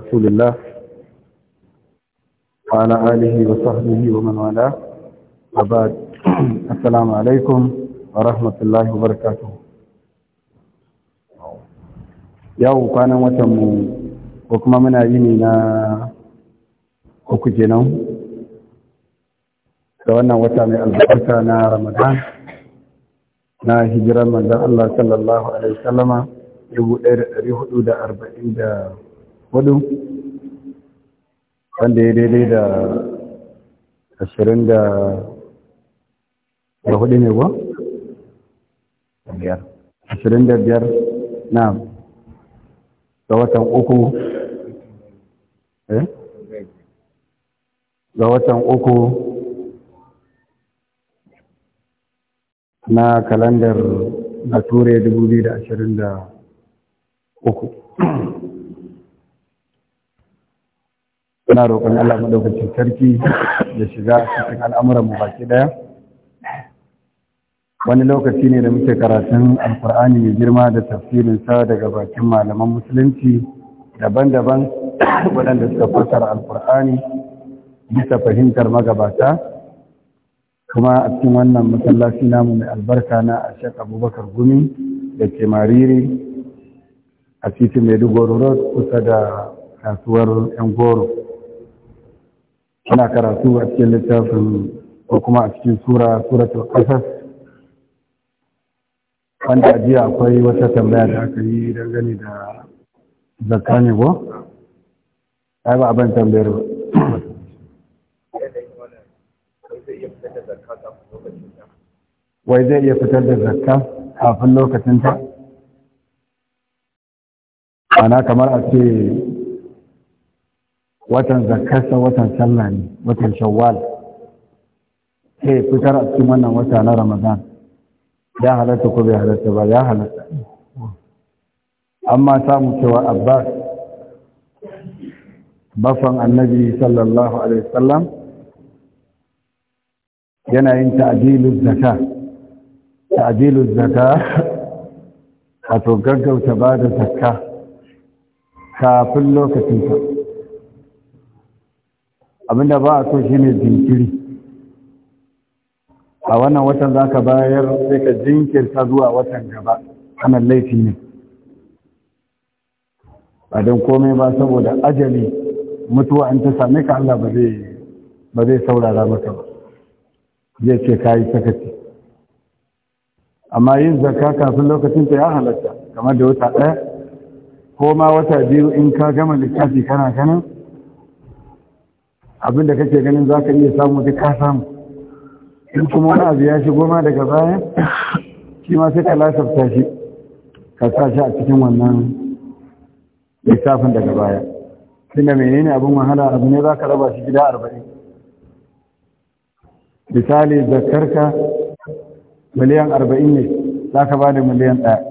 رسول الله وعلى آله وصحبه ومن والاه وبعد السلام عليكم ورحمة الله وبركاته yau kwanan watanmu ko kuma muna yi ne na uku kenan da wannan wata mai albarka na ramadan na hijirar manzan Allah sallallahu Alaihi wasallama 1447 hudu wanda ya daidai da ashirin da da hudu ne ba? biyar ashirin da biyar na ga watan uku eh? ga watan uku na kalandar na ture 2023 na roƙon Allah maɗaukacin sarki da shiga cikin al'amuran mu baki ɗaya. wani lokaci ne da muke karatun alkur'ani mai girma da tafsirin sa daga bakin malaman musulunci daban-daban waɗanda suka fassara alkur'ani bisa fahimtar magabata kuma a cikin wannan masallaci namu mai albarka na a shek abubakar gumi da ke mariri a titin maiduguri road kusa da kasuwar yan goro ana karatu a cikin littafin ko kuma a cikin sura ta kasas wanda a jiya akwai wata tambaya da aka yi dangane da zakka ne ko ai ba abin tambayar ba wai zai iya fitar da zakka kafin lokacin ta ana kamar a ce watan zakarsa watan sallah ne watan shawwal sai fitar a cikin wannan wata na ramadan ya halatta ko bai halatta ba ya halatta amma samu cewa abbas bafan annabi sallallahu alaihi wasallam yana yin ta'jiluz zaka ta'jiluz zaka wato gaggauta ba da zakka kafin lokacin ta abinda ba a so ne jinkiri a wannan watan za ka bayar sai ka jinkirta zuwa watan gaba wannan laifi ne ba don komai ba saboda ajali mutuwa in ta same ka Allah ba zai saurara maka ba zai ce ka yi sakaci amma yin zakka kafin lokacin ta ya halatta kamar da wata ɗaya ko ma wata biyu in ka gama littafi kana kanan abin da kake ganin za ka iya samu duk ka samu in kuma wani abu ya shigo ma daga baya shi ma sai ka lasafta shi ka sa shi a cikin wannan littafin daga baya tunda menene abin wahala abu ne za ka raba shi gida arba'in misali zakar ka miliyan arba'in ne za ka ba da miliyan ɗaya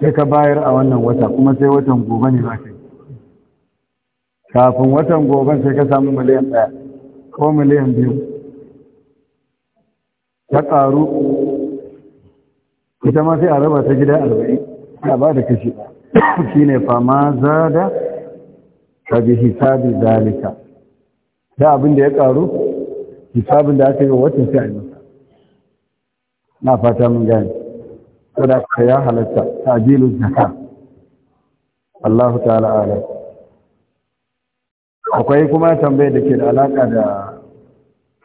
sai ka bayar a wannan wata kuma sai watan gobe ne za ka yi kafin watan gobe sai ka samu miliyan ɗaya ko miliyan biyu ta ƙaru ita ma sai a raba ta gida arba'in a ba da kashi shi ne fama za da ka bi hisabi zalika da abin da ya ƙaru hisabin da aka yi wa watan sai a yi masa na fata mun gani ka ya halatta tajilu zaka Allahu ta'ala alaihi akwai kuma tambayar da ke da alaka da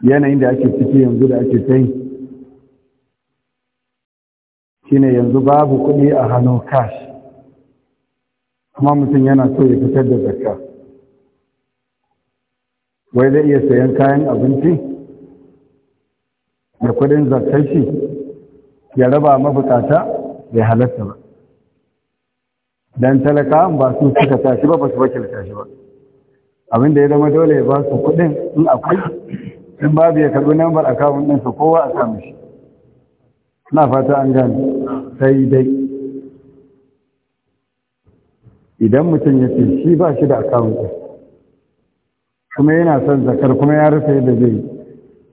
yanayin da ake ciki yanzu da ake sai shine yanzu babu kuɗi a hannu cash kuma mutum yana so ya fitar da zakka wai zai iya sayan kayan abinci da kudin zakkar shi ya raba mabukata ya halatta ba don talakawan ba su suka tashi ba ba su bakin tashi ba abin da ya zama dole ya ba su kuɗin in akwai in babu ya karɓi nambar akawun su kowa a samu shi na fata an gane sai dai idan mutum ya ce shi ba shi da akawun ɗin kuma yana son zakar kuma ya rufe da zai yi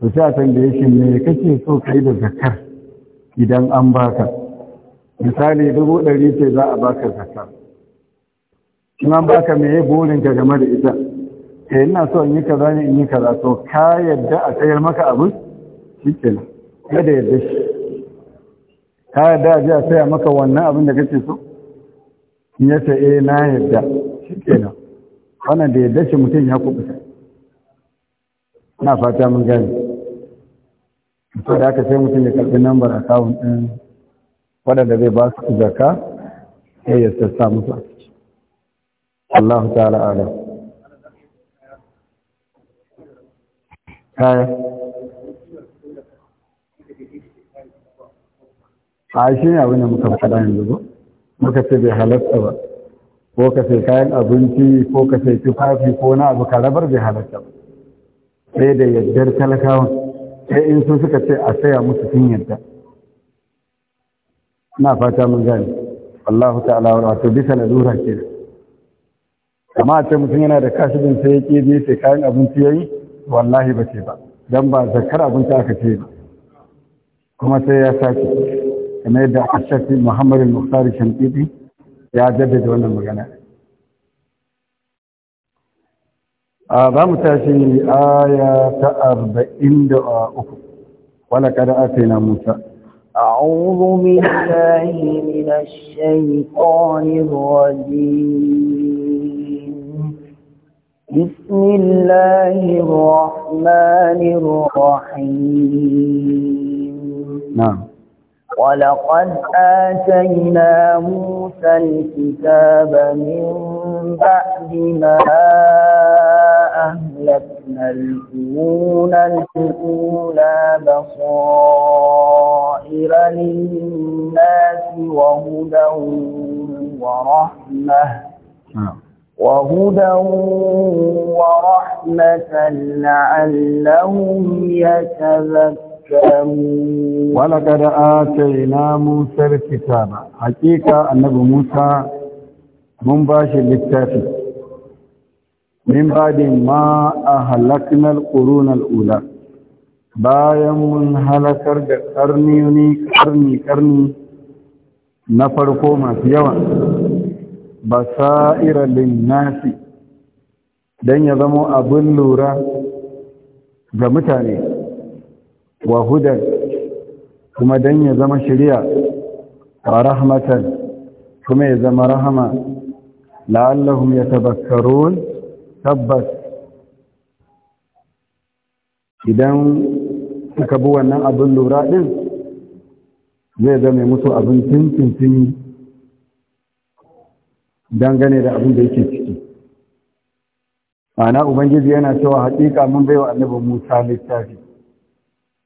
to sai a ya shi me kake so kai da zakar idan an baka misali dubu ɗari ce za a baka zakar in an baka me burinka game da ita eh ina so in yi za ne in yi za so ka yadda a tsayar maka abu shikenan kada yadda shi ka yadda a a tsaya maka wannan abin da kake so in ya ce eh na yadda nan. wannan da yadda shi mutum ya kubuta na fata mun gani to da aka sai mutum ya karɓi lambar akawun ɗin waɗanda zai ba su zaka sai ya sassa musu Allah ta'ala alam Eh. a shi ne abin da muka faɗa yanzu ba muka ce bai halatta ba ko ka sai kayan abinci ko ka sai tufafi ko na abu karabar bai halatta ba sai da yaddar talakawan sai in sun suka ce a saya musu sun yadda na fata mun gani Allah ta'ala wa to bisa na lalura ke amma a ce mutum yana da bin sai ya ƙi sai kayan abinci ya yi wallahi ba ce ba don ba zakar abinci aka ce ba kuma sai ya sake kuma yadda ashafi muhammadin mukhtar shamkiti ya jaddada wannan magana a ba mu tashi aya ta arba'in da uku wala kada ake na musa أعوذ بالله من الشيطان الرجيم بسم الله الرحمن الرحيم نعم ولقد آتينا موسى الكتاب من بعد ما أهلكنا الكون الأولى بصائر للناس وهدى ورحمة نعم وهدى ورحمة لعلهم يتذكرون ولقد آتينا موسى الكتاب حقيقة النبي موسى من للتافي من بعد ما أهلكنا القرون الأولى bayan mun halakar da karni karni karni na farko masu yawa basa'ira nasi dan ya zamo abin lura ga mutane wa hudan kuma dan ya zama shari'a a rahmatan kuma ya zama rahama la'allahum yatabakkarun tabbas idan suka bi wannan abin lura din zai zama musu abin tintin dangane da abin da yake ciki ana ubangiji yana cewa haƙiƙa mun baiwa annabi Musa littafi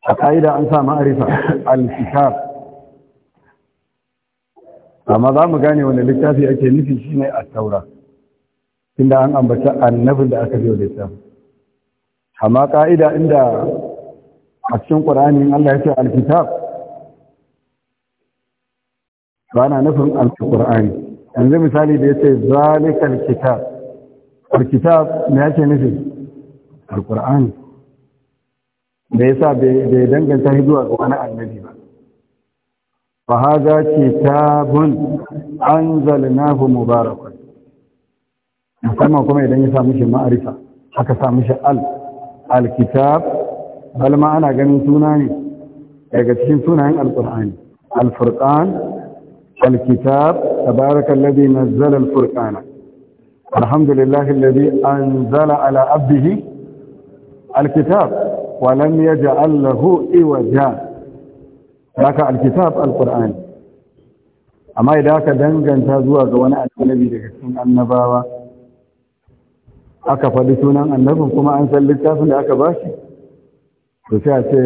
a ƙa'ida an sa ma'arifa al-kitab amma za mu gane wani littafi ake nufi shi ne a taura tunda an ambata annabin da aka biyo littafi amma ƙa'ida inda a cikin ƙur'ani Allah ya ce al-kitab ba na nufin al-qur'ani yanzu misali da ya ce zalikar kitab alkitab na yake nufi alkur'ani da ya sa bai danganta hizuwa ga wani annabi ba fahaza kitabun an zalinahu mubarakun musamman kuma idan ya samu shi ma'arifa aka samu shi al alkitab balma ana ganin suna ne daga cikin sunayen alkur'ani alfurqan الكتاب تبارك الذي نزل الفرقان الحمد لله الذي أنزل على عبده الكتاب ولم يجعل له إوجا لك الكتاب القرآن أما إذا كدنجن تازوها زوانا النبي لكسين النباوة aka faɗi sunan annabin kuma an san littafin da aka ba shi to sai a ce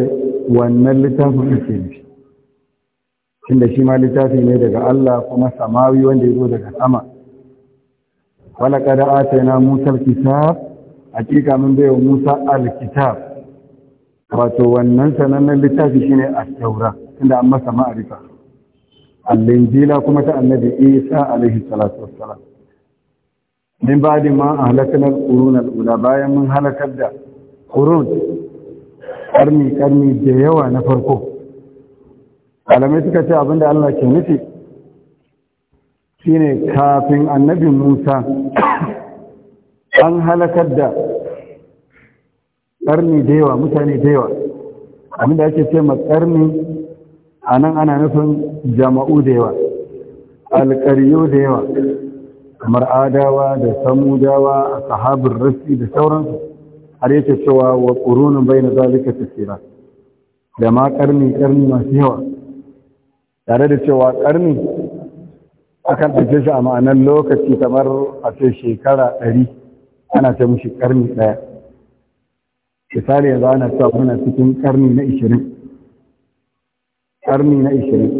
wannan littafin ake nufi inda shi ma littafi ne daga Allah kuma samawi wanda ya zo daga sama wala kada atayna musa alkitab hakika mun bayo musa alkitab wato wannan sanannen littafi shine a taura inda an masa ma'arifa Allin jila kuma ta annabi isa alaihi salatu wassalam min ba'di ma a al-qurun al bayan mun halakar da kurun ƙarni-ƙarni da yawa na farko malamai suka ce abinda Allah ke nufi shine kafin annabi Musa an halakar da ƙarni da yawa mutane da yawa abinda ake ce ma ƙarni a nan ana nufin jama'u da yawa alƙaryo da yawa kamar adawa da samudawa a sahabin rasi da sauransu har yake cewa wa ƙurunin bai na zalika tafira da ma ƙarni ƙarni masu yawa tare da cewa ƙarni akan ɗauke shi a ma'anar lokaci kamar a ce shekara ɗari ana ce mushi ƙarni ɗaya misali yanzu ana cewa muna cikin ƙarni na ishirin ƙarni na ishirin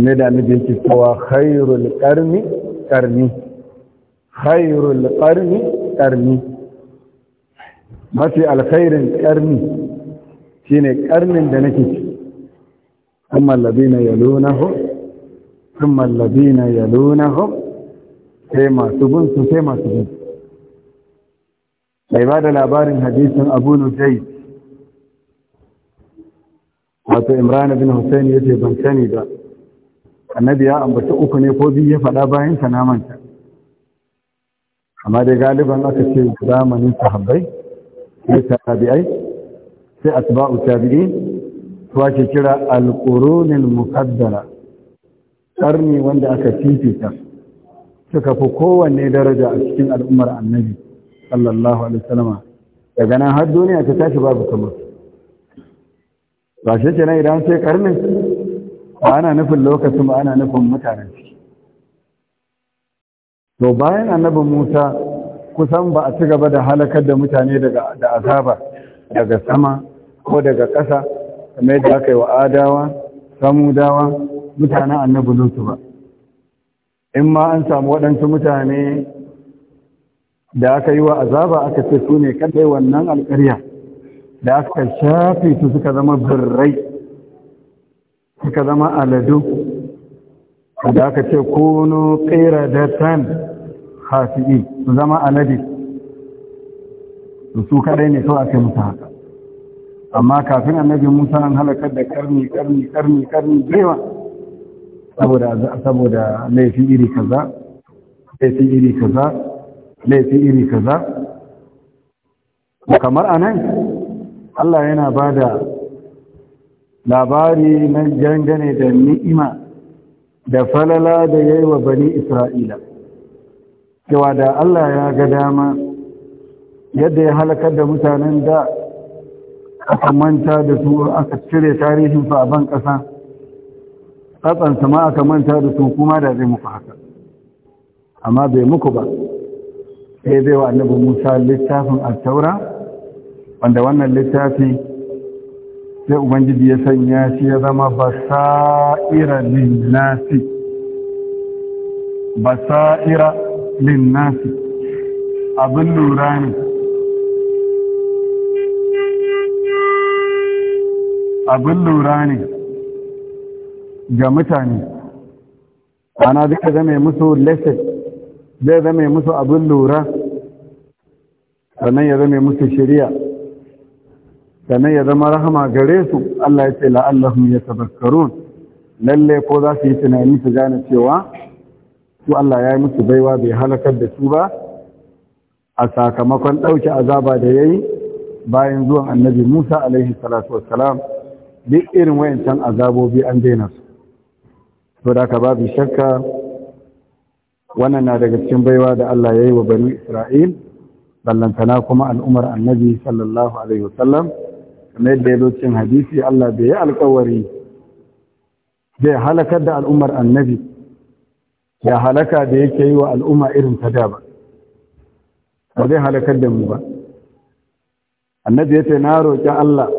ne da annabi yake cewa khairul ƙarni ƙarni khairul ƙarni ƙarni mafi alkhairin ƙarni shine ƙarnin da nake ciki ثم الذين يلونهم ثم الذين sai masu bin su masu bin mai ba da labarin hadisin abu nujai wato imran bin hussein ya ce ban sani ba annabi ya ambaci uku ne ko biyu ya faɗa bayan ka namanta amma dai galiban aka ce zamanin sahabbai sai tabi'ai sai asba'u tabi'in Wace ake kira alƙurunin mukaddara ƙarni wanda aka fifita suka fi kowanne daraja a cikin al'ummar annabi sallallahu alaihi wasallama daga nan har duniya ta tashi babu kamar ba ce na idan sai ƙarni ba ana nufin lokacin ba ana nufin mutanen ciki to bayan annabin musa kusan ba a ci gaba da halakar da mutane da azaba daga sama ko daga ƙasa kamar yadda aka yi wa adawa samudawa mutanen annabi su ba in ma an samu waɗansu mutane da aka yi wa azaba aka ce su ne kadai wannan alƙarya da aka shafe su suka zama birrai suka zama aladu da aka ce da qiradatan hafi'i su zama aladi su kaɗai ne kawai aka musu haka amma kafin annabi musa an halakar da karni karni karni karni daiwa saboda saboda laifin iri kaza laifin iri kaza laifin iri kaza kamar anan Allah yana ba da labari na jangane da ni'ima da falala da yaiwa wa bani isra'ila cewa da Allah ya ga dama yadda ya halakar da mutanen da aka manta da su aka cire tarihin a ban ƙasa tsatsansa ma aka manta da su kuma da zai muku haka amma bai muku ba sai bai wa annabi musa littafin altaura wanda wannan littafi sai ubangiji ya sanya shi ya zama basa'ira linnasi basa'ira linnasi abin lura ne abin lura ne ga mutane ana duka zama musu lesson zai zama musu abin lura sannan ya zama musu shirya sannan ya zama rahama gare su Allah ya ce ya yatazakkarun lalle ko za su yi tunani su gane cewa su Allah ya yi musu baiwa bai halakar da su ba a sakamakon ɗauke azaba da ya yi, bayan zuwan annabi Musa alaihi salatu wassalam duk irin wayancan azabobi an daina su to da ka babu shakka wannan na daga cikin baiwa da Allah ya yi wa banu Isra'il ballantana kuma al'umar annabi sallallahu alaihi wasallam kamar yadda ya zo cikin hadisi Allah bai yi alkawari zai halakar da al'ummar annabi ya halaka da yake yi wa al'umma irin ta da ba ba zai halakar da mu ba annabi ya ce na roƙi Allah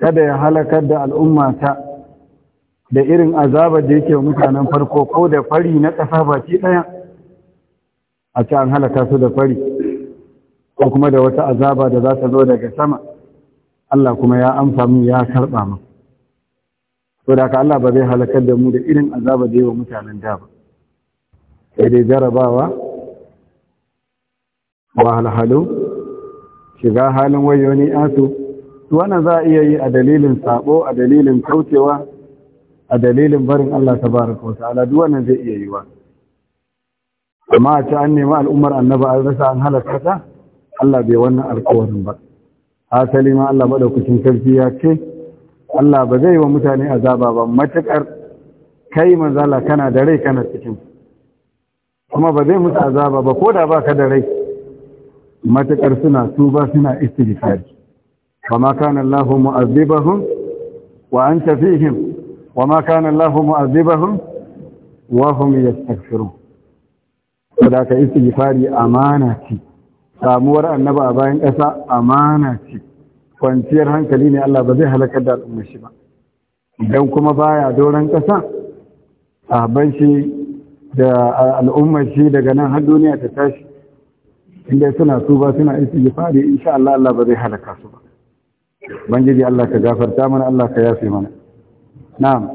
kada ya halakar da al'umma ta da irin azabar da yake mutanen farko ko da fari na ƙasa baki ɗaya a ce an halaka su da fari ko kuma da wata azaba da za ta zo daga sama Allah kuma ya amsa mu ya karɓa mu to da ka Allah ba zai halakar da mu da irin azaba da yi wa mutanen da ba sai dai jarabawa wahalhalu shiga halin wayo ne asu wannan za a iya yi a dalilin sabo a dalilin kaucewa a dalilin barin Allah ta baraka wasu al'adu wannan zai iya yi wa amma a ci an nemi al'ummar annaba a rasa an halaka ta Allah bai wannan alkawarin ba asali ma Allah madaukakin sarki ya ce Allah ba zai wa mutane azaba ba matakar kai manzala kana da rai kana cikin kuma ba zai musu azaba ba ko da ka da rai matakar suna tuba suna istighfari فما كان الله مؤذبهم وأنت فيهم وما كان الله مؤذبهم وهم يستغفرون فذاك استغفاري أمانتي samuwar annaba a bayan ƙasa amana ce kwanciyar hankali ne Allah ba zai halakar da al'ummar shi ba idan kuma baya doron ƙasa ban shi da al'ummar shi daga nan har duniya ta tashi inda suna tuba suna istighfari insha Allah Allah ba zai halaka su ba ubangiji الله كجافر تامن الله كيافي ka نعم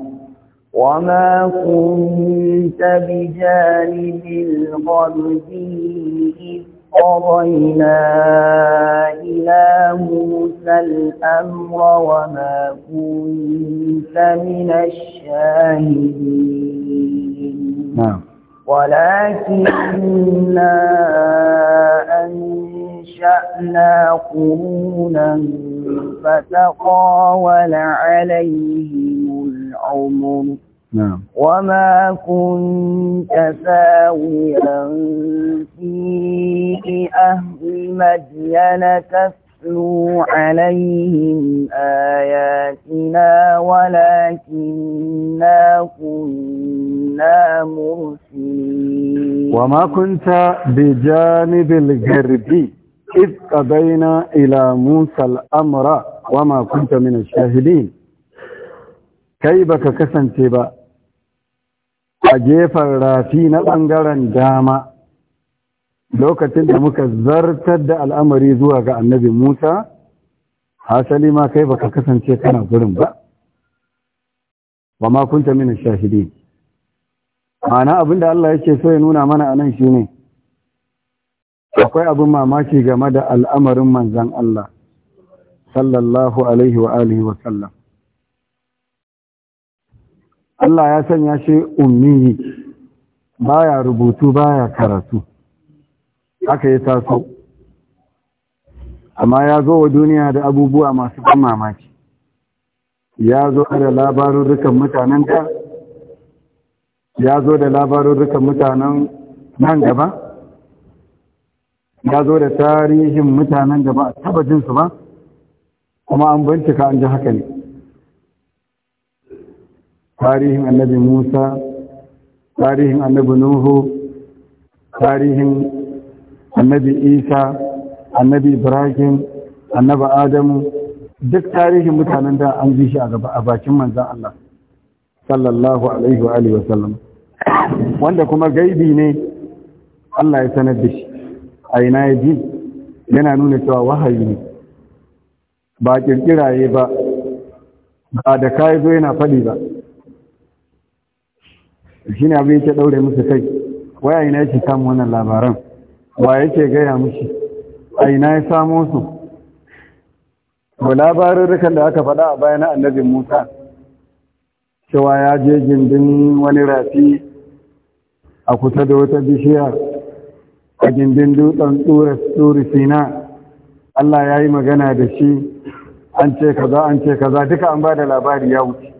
وما كنت بجانب الغربي إذ قضينا إلى موسى الأمر وما كنت من الشاهدين نعم. ولكننا أن أنشأنا قرونا فتطاول عليهم العمر نعم. وما كنت ساويا في أهل مدينة تتلو عليهم آياتنا ولكننا كنا مرسلين وما كنت بجانب الغربي Iska قضينا ila موسى الأمر وما كنت من الشاهدين kai baka kasance ba a gefen rafi na ɓangaren dama lokacin da muka zartar da al'amari zuwa ga annabi Musa hasali ma kai baka kasance kana gurin ba ba ma kunta mini shahidi ma'ana abinda Allah yake so ya nuna mana anan shine akwai abin mamaki game da al'amarin manzan Allah sallallahu alaihi wa alihi wa sallam Allah ya sanya shi ba baya rubutu baya karatu aka yi taso amma ya zo wa duniya da abubuwa masu ban mamaki ya zo da labarurrukan mutanen ta, ya zo da labarurrukan mutanen nan gaba ya zo da tarihin mutanen da ba a taba jinsu ba kuma an bincika an ji haka ne tarihin annabi musa tarihin annabi nuhu tarihin annabi isa annabi ibrahim annabi adamu duk tarihin mutanen da an ji shi a bakin manzan Allah sallallahu alaihi wa wa sallam wanda kuma gaibi ne Allah ya sanar da shi a ina ya ji yana nuna cewa wahayi ne ba kirkiraye ba ba da kayi zo yana faɗi ba shi ne abin yake ɗaure musu kai waya ina yake samun wannan labaran wa yake gaya mushi a ina ya samo su ba labarin labarurrukan da aka faɗa a bayan annabin musa cewa ya je gindin wani rafi a kusa da wata bishiyar? a gindin dutsen tsuri sina Allah ya yi magana da shi an ce kaza an ce kaza duka an ba da labari ya wuce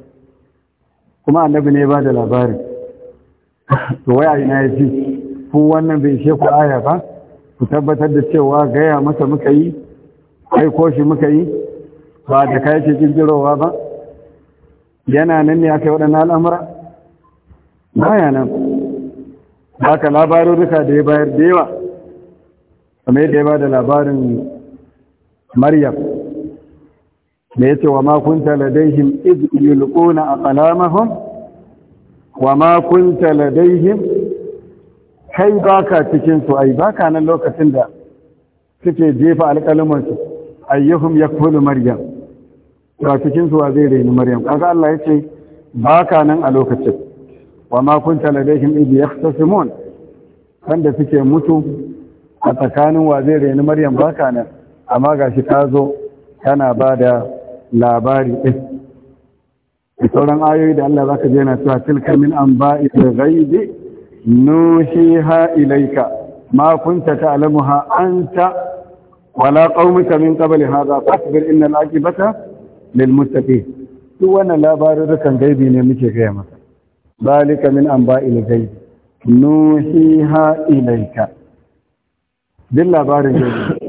kuma annabi ne ba da labari to waya ina ya ji ku wannan bai ishe ku aya ba ku tabbatar da cewa gaya masa muka yi Kai koshi muka yi ba da kai ce jirgirowa ba yana nan ne aka yi waɗannan al'amura baya nan haka labarurruka da ya bayar da yawa kamar yadda ya ba da labarin maryam da ya ce wa makunta ladaihim iz a kalamahun wa makunta ladaihim kai baka cikin su ai baka nan lokacin da suke jefa alƙalamin su ayyuhum kulu maryam ba cikinsu wa zai reni maryam ƙasa Allah ya ce ba ka nan a lokacin wa ma kunta ladaihim idh yahtasimun wanda suke mutu a tsakanin wa zai reni maryam baka nan amma gashi ta zo tana ba da labari ɗin da sauran ayoyi da Allah zaka je na cewa tilka min anba'i ghaibi nushiha ilayka ma kunta ta'lamuha anta wala qaumuka min qabli hadha fasbir innal aqibata lil muttaqin duk wannan labarin rukan gaibi ne muke gaya masa ذلك من أنباء الغيب نوحيها إليك دل labarin الله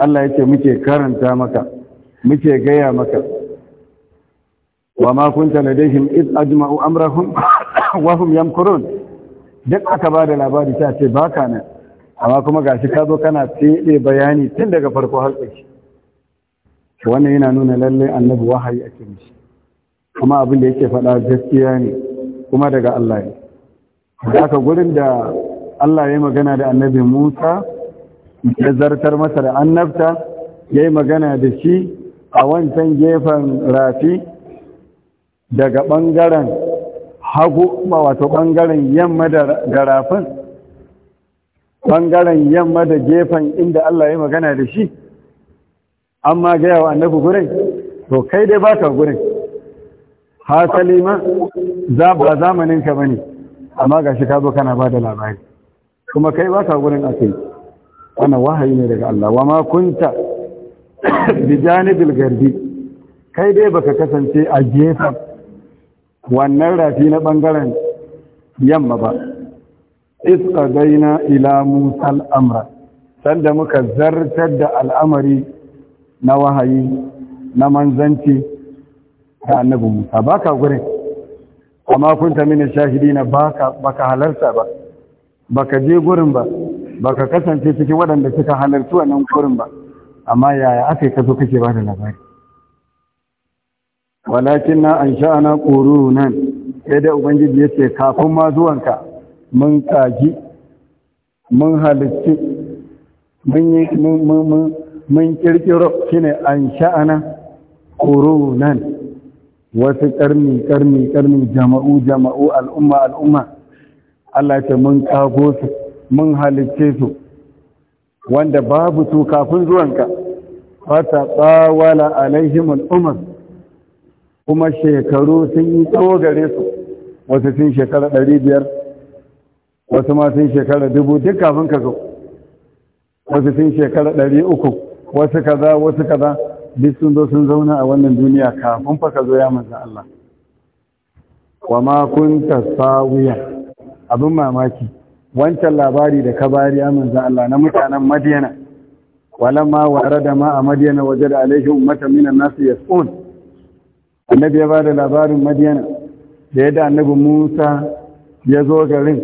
Allah yake muke karanta maka muke gaya maka wa ma kunta ladaihim id ajma'u amrahum wa hum yamkurun duk aka bada labari ta ce baka nan amma kuma gashi ka zo kana tsede bayani tun daga farko har ƙarshe wannan yana nuna lalle annabi wahayi ake mishi kuma abin da yake faɗa gaskiya ne kuma daga Allah ne da aka gurin da Allah ya magana da annabi Musa ya zartar masa da annabta ya yi magana da shi a wancan gefen rafi daga ɓangaren hagu wato ɓangaren yamma da rafin ɓangaren yamma da gefen inda Allah ya magana da shi amma gaya wa annabi gurin to kai dai ba ka gurin hasali ma za ba zamanin ka bane amma gashi ka zo kana bada labari kuma kai ba ka gurin akai wannan wahayi ne daga Allah wa ma kunta bi janibil gardi kai dai baka kasance a gefen wannan rafi na bangaren yamma ba isqadaina ila musa al sanda muka zartar da al'amari na wahayi na manzanci ta annabi Musa baka gurin amma ta mini na ba baka halarta ba baka je gurin ba baka kasance cikin waɗanda suka halarci wannan gurin ba amma yaya aka yi kaso kake ba da labari walakin na an sha'ana nan, sai da ubangiji ya ce kafin ma zuwanka mun kaji mun halarci mun kirkiro shine an sha'ana nan. wasu karni karni karni jama'u jama'u al'umma al'umma Allah ce mun kago su mun halicce su wanda babu su kafin zuwanka fata tsawala alaihim al'umar kuma shekaru sun yi tsawo gare su wasu sun shekara ɗari biyar wasu ma sun shekara dubu duk kafin ka zo wasu sun shekara ɗari uku wasu kaza wasu kaza duk sun zo sun zauna a wannan duniya kafin fa ka zo ya manzo Allah wa ma kunta sawiya abin mamaki wancan labari da ka bari ya manzo Allah na mutanen Madiyana walamma warada ma a Madiyana wajada alaihi ummatan minan nas yas'un annabi ya bada labarin Madiyana da yadda annabi Musa ya zo garin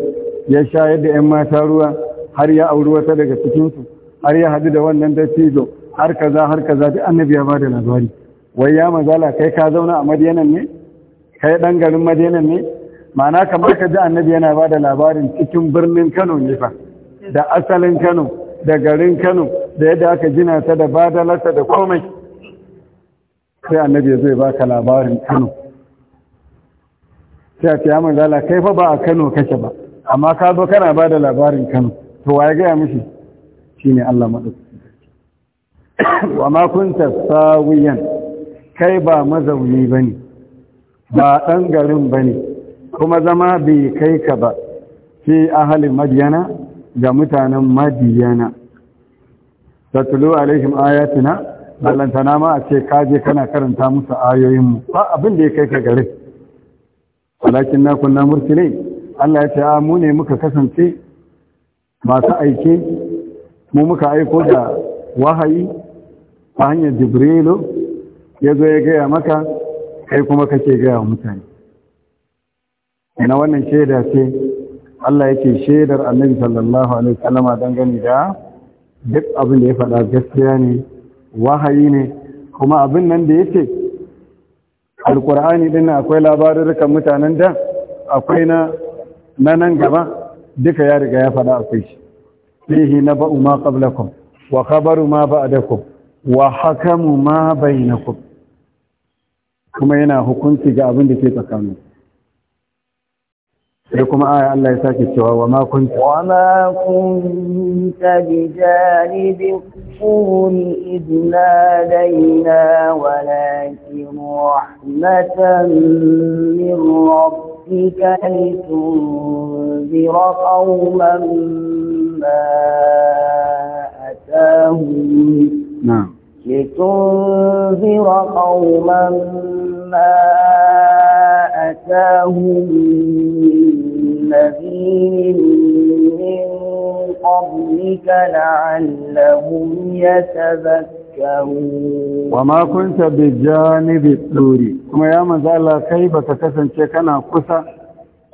ya sha yadda 'yan mata ruwa har ya auri wata daga cikin su har ya haɗu da wannan dattijo har kaza har kaza duk annabi ya ba da labari wai ya mazala kai ka zauna a madiyanan ne kai dan garin madiyanan ne ma'ana kamar ka ji annabi yana ba da labarin cikin birnin kano ne fa da asalin kano da garin kano da yadda aka gina ta da badalarta da komai sai annabi ya zai baka labarin kano sai a fiya mazala kai fa ba a kano kake ba amma ka zo kana ba da labarin kano to waye gaya mishi shine allah maɗauki wa ma kunta sawiyan kai ba mazauni bane ba ɗan garin bane kuma zama bai kai ka ba fi ahalin madiyana ga mutanen madiyana tattalo alaihim ayatina ballantana ma a ce kaje kana karanta musu ayoyinmu ba abin da ya kai ka garin walakin na kunna murtilai Allah ya ce a mu ne muka kasance masu aiki mu muka aiko da wahayi a hanyar jibrilu ya zo ya gaya maka kai kuma kake gaya wa mutane ina wannan shaida ce Allah yake shaidar annabi sallallahu alaihi wasallama dangane da duk abin da ya faɗa gaskiya ne wahayi ne kuma abin nan da yake alkur'ani din akwai labarurrukan mutanen da akwai na nan gaba duka ya riga ya faɗa akwai shi fihi naba'u ma qablakum wa khabaru ma ba'dakum wa hakamu ma bainakum kuma yana hukunci ga abin da ke tsakanin sai kuma aya Allah ya sake cewa wa ma kunta wa ma kunta bi janibi qul idna dayna walakin rahmatan min rabbika litunzira qauman ma atahum لتنذر قوما ما أتاهم من نذير من قبلك لعلهم يتذكرون وما كنت بجانب الطور كما يا من قال كيف تكسنت شكنا قصة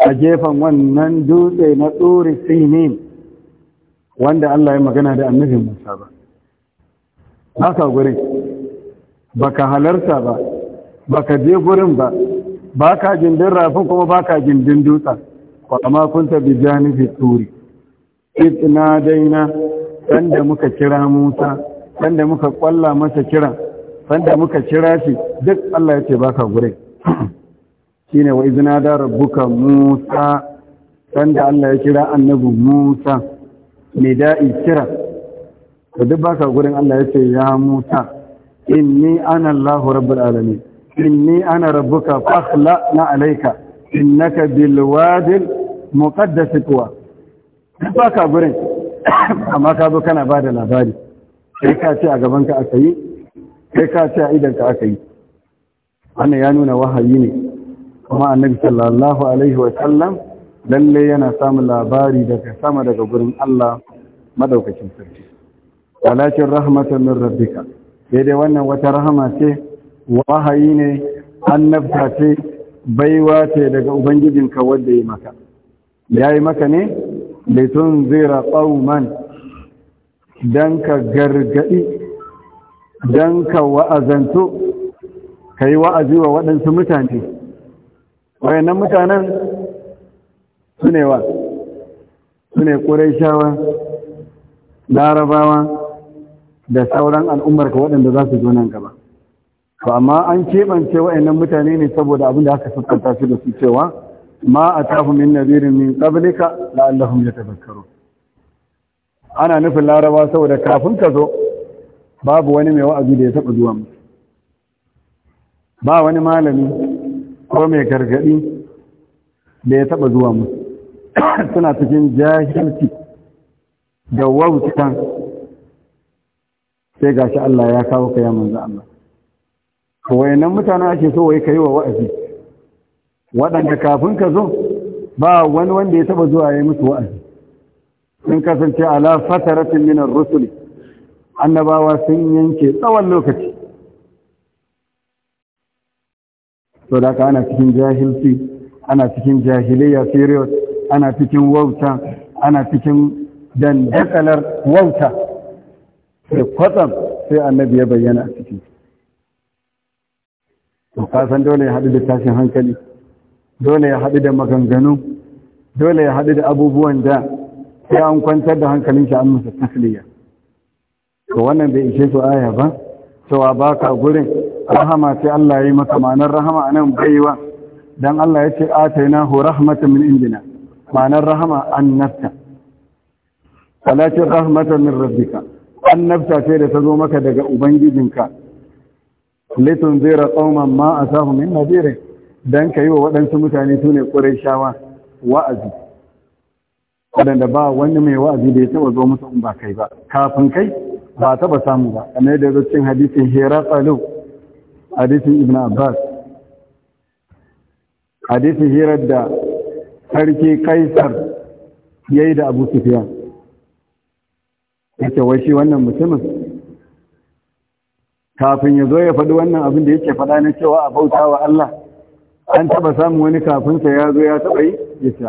أجيفا ونندوت نطور السينين وأن الله يمكنها لأنه موسى haka gurin ba ka halarta ba ka je gurin ba ka gindin rafin kuma ba ka gindin dutsen kun kunta bi janibi turi itna daina sanda muka kira Musa sanda muka kwalla masa kira sanda muka kira shi duk Allah ya ce ba ka gurin shine wa izina da rabbuka Musa sanda Allah ya kira annabi Musa nida'i kira da duk baka gurin Allah ya ce ya Musa inni ana Allah rabbul alamin inni ana rabbuka fakhla na alayka innaka bil wadi muqaddas tuwa duk baka gurin amma ka zo kana bada labari sai ka ce a gaban ka aka yi sai ka ce a idan ka aka yi wannan ya nuna wahayi ne kuma annabi sallallahu alaihi wa sallam lalle yana samun labari daga sama daga gurin Allah madaukakin sarki walakin rahmatan min rabbika sai dai wannan wata rahama ce wahayi ne annabta ce baiwa ce daga ubangijinka wanda ya maka ya yi maka ne litun zira qauman dan ka gargadi dan ka wa'azanto kai wa'azi wa waɗansu mutane wayannan mutanen sune wa sune ne larabawa da sauran al'ummar ka waɗanda za su zo nan gaba to amma an keɓance wa'annan mutane ne saboda abin da aka sassanta su da su cewa ma a tafi min nazirin min qablika ya yatadhakkarun ana nufin laraba saboda kafin ka zo babu wani mai wa'azi da ya taɓa zuwa musu ba wani malami ko mai gargaɗi da ya taɓa zuwa musu suna cikin jahilci da wautan sai gashi Allah ya kawo ka ya manzo Allah kawai nan mutane ake so wai kai wa wa'azi waɗanda kafin ka zo ba wani wanda ya taba zuwa ya musu wa'azi sun kasance ala fataratin min ar annabawa sun yanke tsawon lokaci to da ka ana cikin jahilci ana cikin jahiliya period ana cikin wauta ana cikin dandakalar wauta sai kwatsam sai annabi ya bayyana a ciki to kasan dole ya haɗu da tashin hankali dole ya haɗu da maganganu dole ya haɗu da abubuwan da sai an kwantar da hankalin shi an masa tasliya to wannan bai ishe su aya ba cewa baka gurin rahama sai Allah ya yi maka ma'anar rahama anan baiwa dan Allah ya ce hu rahmatan min indina ma'anar rahama annabta ce rahmatan min rabbika annabta naftace da ta zo maka daga ubangijinka litun zira qauman ma asahu min nadirin dan yi wa waɗansu mutane sune shawa, wa'azi da ba wani mai wa'azi da ya taba zo musu in ba kai ba kafin kai ba taba samu ba kamar da zo cikin hadisin hiraqalu hadisin ibn abbas hadisin hirar da sarki kaisar yayi da abu sufyan yake wai shi wannan mutumin kafin ya zo ya faɗi wannan abin da yake faɗa na cewa a bauta wa Allah an taɓa samun wani kafinsa ya zo ya taɓa yi ya ce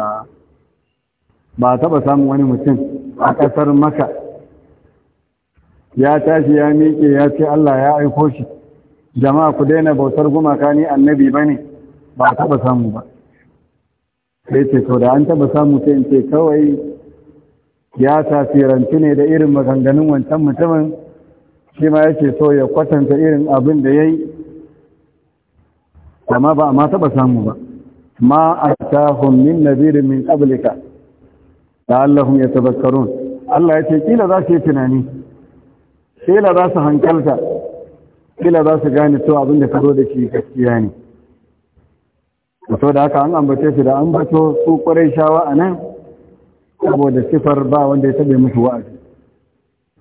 ba a taɓa samun wani mutum a ƙasar maka ya tashi ya miƙe ya ce Allah ya aiko shi jama'a ku daina bautar gumaka ni annabi ba ne ba a taɓa samu ba sai ce to da an taɓa samu sai in ce kawai ya tasirantu ne da irin maganganun wancan mutumin shi ma yake so ya kwatanta irin abin da ya yi amma ba a ma taɓa samu ba ma a tahun min nabirin min ƙablika da allahun ya tabbatarun. Allah ya ce kila za su yi tunani kila za su hankalta kila za su gane to abin da ka zo da shi gaskiya ne da da haka an ambace shi da ambato su kwarai shawa a nan saboda sifar ba wanda ya taɓa musu wa'azi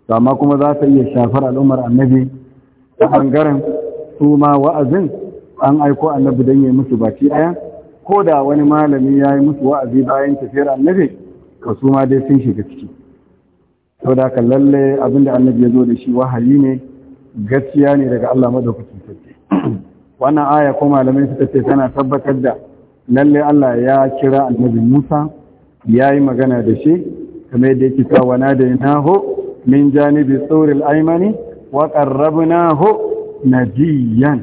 amma kuma za ta iya shafar al'ummar annabi ta ɓangaren su ma wa'azin an aiko annabi don yi musu baki ɗaya ko da wani malami ya yi musu wa'azi bayan tafiyar annabi ka su ma dai sun shiga ciki sau da ka lalle abinda annabi ya zo da shi wahayi ne gaskiya ne daga Allah madaukakin sarki wannan aya ko malamai suka ce tana tabbatar da lalle Allah ya kira annabi Musa ya yi magana da shi kama yadda yake cewa wana da naho min janibi tsoril aimani wa na najiyan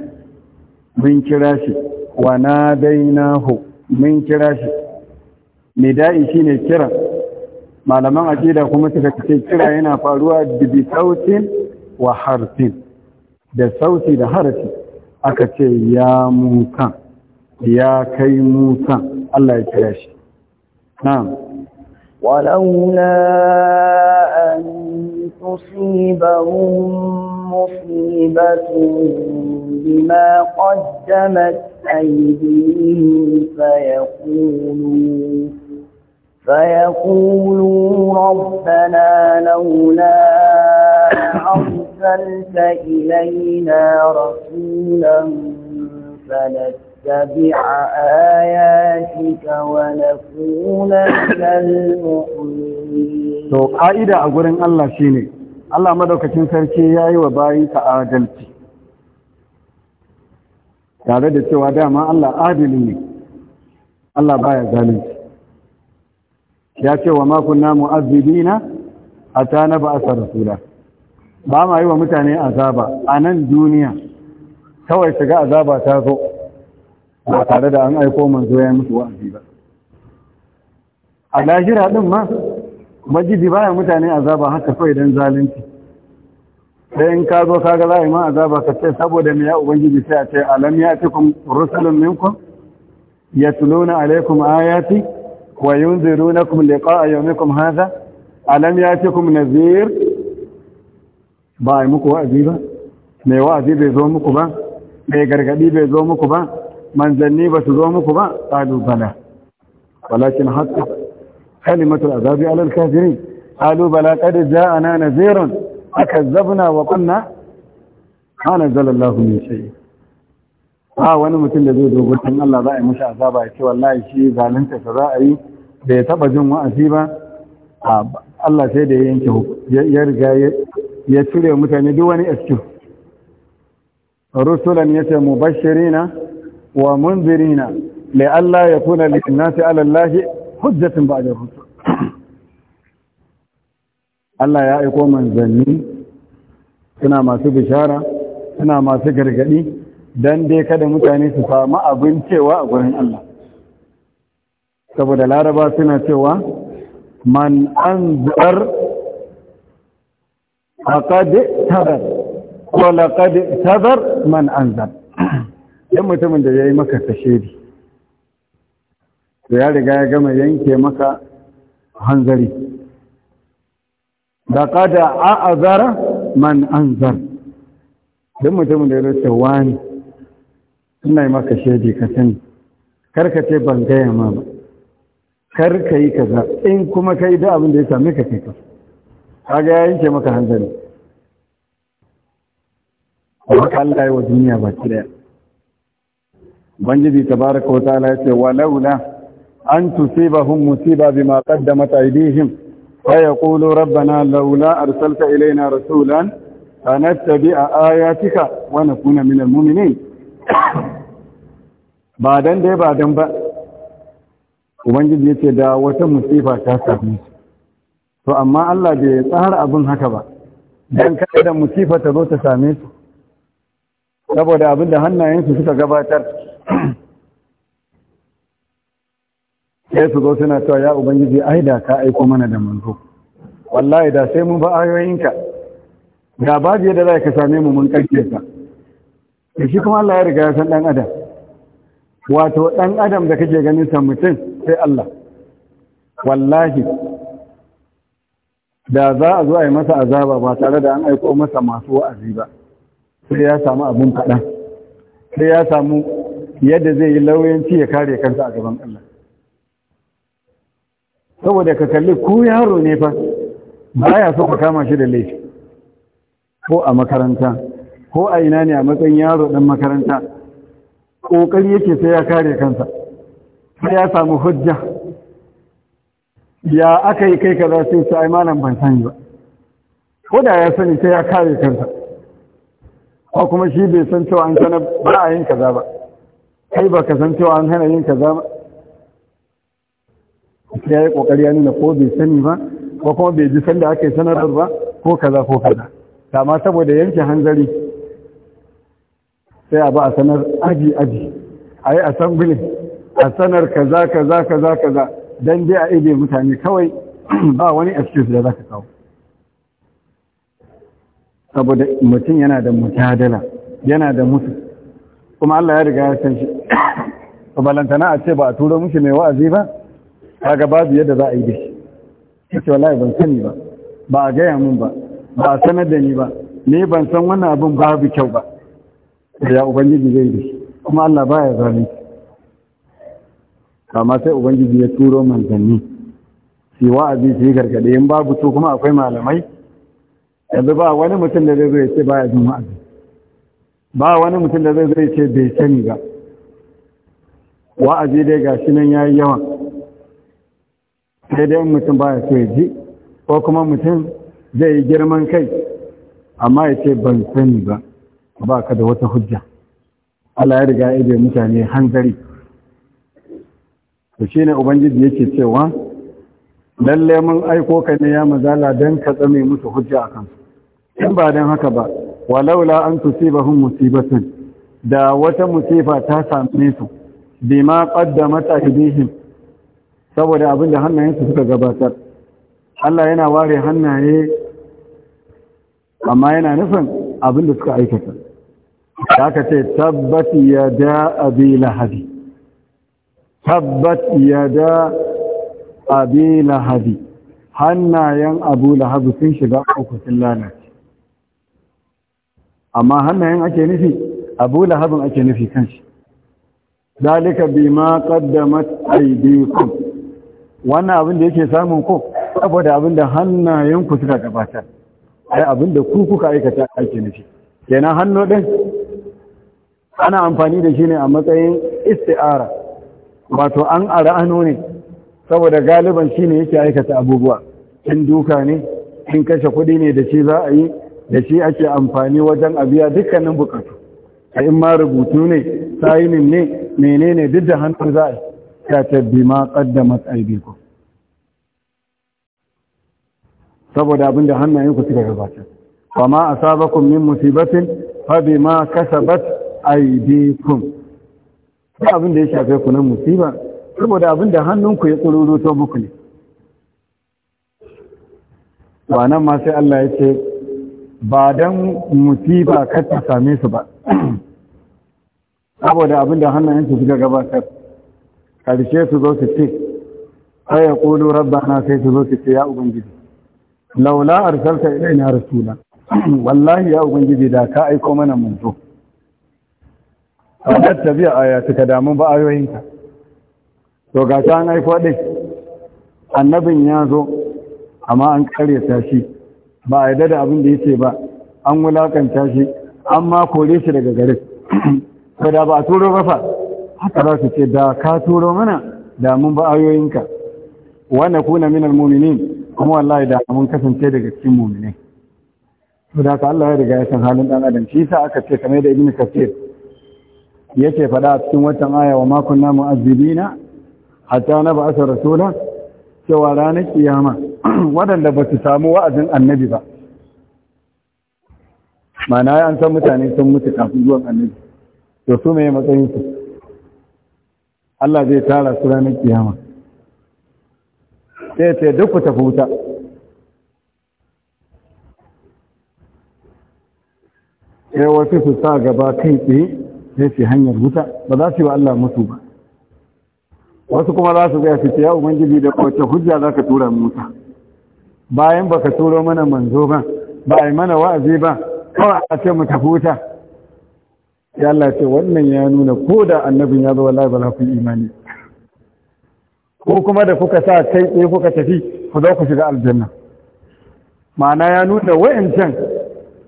mun kira shi wana dainahu mun kira shi nida'i shine kira malaman aqida kuma suka kira yana faruwa bi sautin wa harfin da sauti da harfi aka ce ya mutan ya kai musa Allah ya kira shi نعم ولولا أن تصيبهم مصيبة بما قدمت أيديهم فيقولوا فيقولوا ربنا لولا أرسلت إلينا رسولا فنتبع نتبع آياتك ونكون من المؤمنين to ka'ida a gurin Allah shine Allah madaukakin sarki yayi wa bayi adalci tare da cewa dama Allah adili ne Allah baya zalunci ya ce wa makon ma kunna mu'azzibina hatta nab'atha rasula ba ma yi wa mutane azaba a nan duniya kawai shiga azaba ta zo ba tare da an aiko manzo ya musu wa'azi ba a lahira din ma majidi baya mutane azaba haka kawai dan zalunci sai in ka zo kaga za a yi ma azaba ka ce saboda me ya ubangiji sai a ce alam ya ci kun rusulun minkum yatluna alaikum ayati wa yunzirunakum liqa'a yawmikum hadha alam ya ci kun nazir ba a yi muku wa'azi ba mai wa'azi bai zo muku ba mai gargadi bai zo muku ba manzanni ba su zo muku ba qalu bala walakin haqqat kalimatul azabi ala al-kafirin qalu bala qad ja'ana nadhirun zabna wa qulna ma nazzala Allahu mai shay Ba wani mutum da zai dogon Allah za a yi mashi azaba ya ce wallahi shi zalunta ta za a yi bai taɓa jin wa'azi ba Allah sai da ya yanke ya riga ya cire mutane duk wani ya rusulan yace mubashirina wa munzirina la'alla yakuna lin-nasi 'ala Allahi hujjatun ba'da rusul Allah ya aiko manzanni suna masu bishara suna masu gargadi dan dai kada mutane su samu abin cewa a gurin Allah saboda laraba suna cewa man anzar faqad tadar wa laqad tadar man anzar yan mutumin da ya yi maka tashiri to ya riga ya gama yanke maka hanzari da kada a azara man anzar don mutumin da ya rute wani suna yi maka shaidi ka sani karka ce ban gaya ma ba karka yi kaza in kuma ka yi da abin da ya same ka kai ka kaga ya yanke maka hanzari Allah ya wa duniya ki daya ubangiji tabaraka wa ta'ala yace laula an tusibahum musiba bima qaddamat aydihim fa yaqulu rabbana laula arsalta ilayna rasulan fanattabi'a ayatika wa nakuna minal mu'minin ba dan dai ba dan ba ubangiji yace da wata musiba ta same to amma Allah bai tsara abin haka ba dan kada musiba ta zo ta same su saboda abinda hannayensu suka gabatar sai su zo suna cewa ya ubangiji ai da ka aiko mana da manzo wallahi da sai mun ba ayoyinka da babu yadda za ka same mu mun karke ka da shi kuma Allah ya riga ya san dan adam wato dan adam da kake ganin sa mutum sai Allah wallahi da za a zo a yi masa azaba ba tare da an aiko masa masu wa'azi ba sai ya samu abun kaɗan. sai ya samu yadda zai yi lauyanci ya kare kansa a gaban Allah saboda ka kalli ku yaro ne fa ya so ka kama shi da laifi ko a makaranta ko a ina ne a matsayin yaro ɗan makaranta ƙoƙari yake sai ya kare kansa sai ya samu hujja ya aka yi kai kaza sai su ai malam ban sani ba ko da ya sani sai ya kare kansa ko kuma shi bai san cewa an sanar ba a yin kaza ba kai ba ka san cewa an hana yin kaza ba ya yi kokari ya nuna ko bai sani ba ko kuma bai ji sanda aka yi sanarwar ba ko kaza ko kaza kama saboda yanke hanzari sai a ba a sanar aji aji a yi assembly a sanar kaza kaza kaza kaza don dai a ibe mutane kawai ba wani excuse da za ka kawo saboda mutum yana da mutadala yana da mutu kuma Allah ya riga ya san shi to balantana a ce ba a turo mushi mai wa'azi ba ba babu yadda za a yi da shi ce wallahi ban sani ba ba a gaya mun ba ba a sanar da ni ba ni ban san wannan abin babu kyau ba ya ubangiji zai da shi kuma Allah baya zalunci amma sai ubangiji ya turo manzanni su wa'azi su yi gargaɗe in babu su kuma akwai malamai yanzu ba wani mutum da zai zo ya ce baya jin wa'azi ba wani mutum da zai zo ya ce bai sani ba wa'azi dai ga shi nan ya yi yawan sai dai mutum ba ya soye ji ko kuma mutum zai yi girman kai amma ya ce ban sani ba ba ka da wata hujja Allah ya riga ya mutane hanzari to shine ubangiji yake cewa lalle mun aiko ka ne ya mazala dan ka tsame musu hujja akan su in ba don haka ba walaula an tusibahum musibatun da wata musifa ta same su bima qaddamat idihim saboda abin da hannayensu suka gabatar Allah yana ware hannaye amma yana nufin abin da suka aikata da aka ce tabbat ya da abi lahabi tabbat ya da abi lahabi hannayen abu lahabi sun shiga uku sun lalace amma hannayen ake nufi abu lahabin ake nufi kanshi zalika bima qaddamat aydikum wannan abin da yake samun ku saboda abin da hannayenku suka gabatar ai abin da ku kuka aikata ake shi? kenan hannu din ana amfani da shi ne a matsayin isti'ara wato an ara ne saboda galiban shi ne yake aikata abubuwa in duka ne in kashe kuɗi ne da shi za a yi da shi ake amfani wajen abiya dukkanin bukatu a in ma rubutu ne sayinin ne menene duk da hannu za a ta tabbi ma qaddamat aydikum saboda abinda hannayenku suka gabata fama asabakum min musibatin fa bima kasabat aydikum duk abin da ya shafe ku na musiba saboda abin da hannunku ya to muku ne ba nan ma sai Allah ya ce ba don musiba ba ta same su ba saboda abin da hannayensu suka gabatar ƙarshe su zo su ce sai ya ƙulu na sai su zo su ce ya ubangiji laula arsalta na rasula wallahi ya ubangiji da ka aiko mana manzo a aya suka damu ba ayoyinka to ga ta an aiko ɗin annabin ya zo amma an karyata shi ba a yarda da abin da ya ce ba an wulakanta shi an ma kore shi daga garin ko da ba a turo ba fa haka za su ce da ka turo mana da mun ba ayoyinka wa kuna minal mu'minin kuma wallahi da mun kasance daga cikin mu'minai to da ka Allah ya riga ya san halin dan adam shi sa aka ce kamar da ibnu kafir yake fada a cikin watan aya wa ma kunna mu'azzibina hatta nab'atha rasula cewa ranar kiyama waɗanda ba su samu wa'azin annabi ba mana an san mutane sun mutu kafin zuwan annabi to su mai matsayinsu Allah zai tara su ranar kiyama sai ce duk ku tafi wuta sai wasu su sa gaba kai tsaye sai su hanyar wuta ba za su yi wa Allah mutu ba wasu kuma za su gaya su ce ya ubangiji da kwace hujja za ka tura wuta. bayan ba ka turo mana manzo ba ba a yi mana wa'azi ba kawai a ce mu tafuta ya Allah ce wannan ya nuna ko da annabin ya zo wallahi ba ku imani ko kuma da kuka sa kai ɗaya kuka tafi ku zo ku shiga aljanna ma'ana ya nuna wa'ancan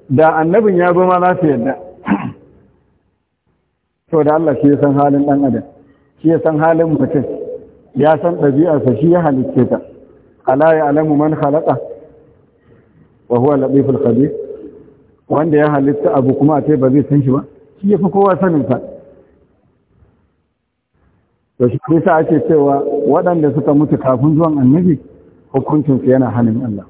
da annabin ya zo ma za su yadda to da Allah shi ya san halin ɗan adam shi ya san halin mutum ya san ɗabi'arsa shi ya halicce ta ala ya alamu man halaka wa huwa latiful khabir wanda ya halitta abu kuma a ba zai san shi ba shi yafi kowa sanin sa to shi yasa ake cewa waɗanda suka mutu kafin zuwan annabi hukuncin su yana hannun Allah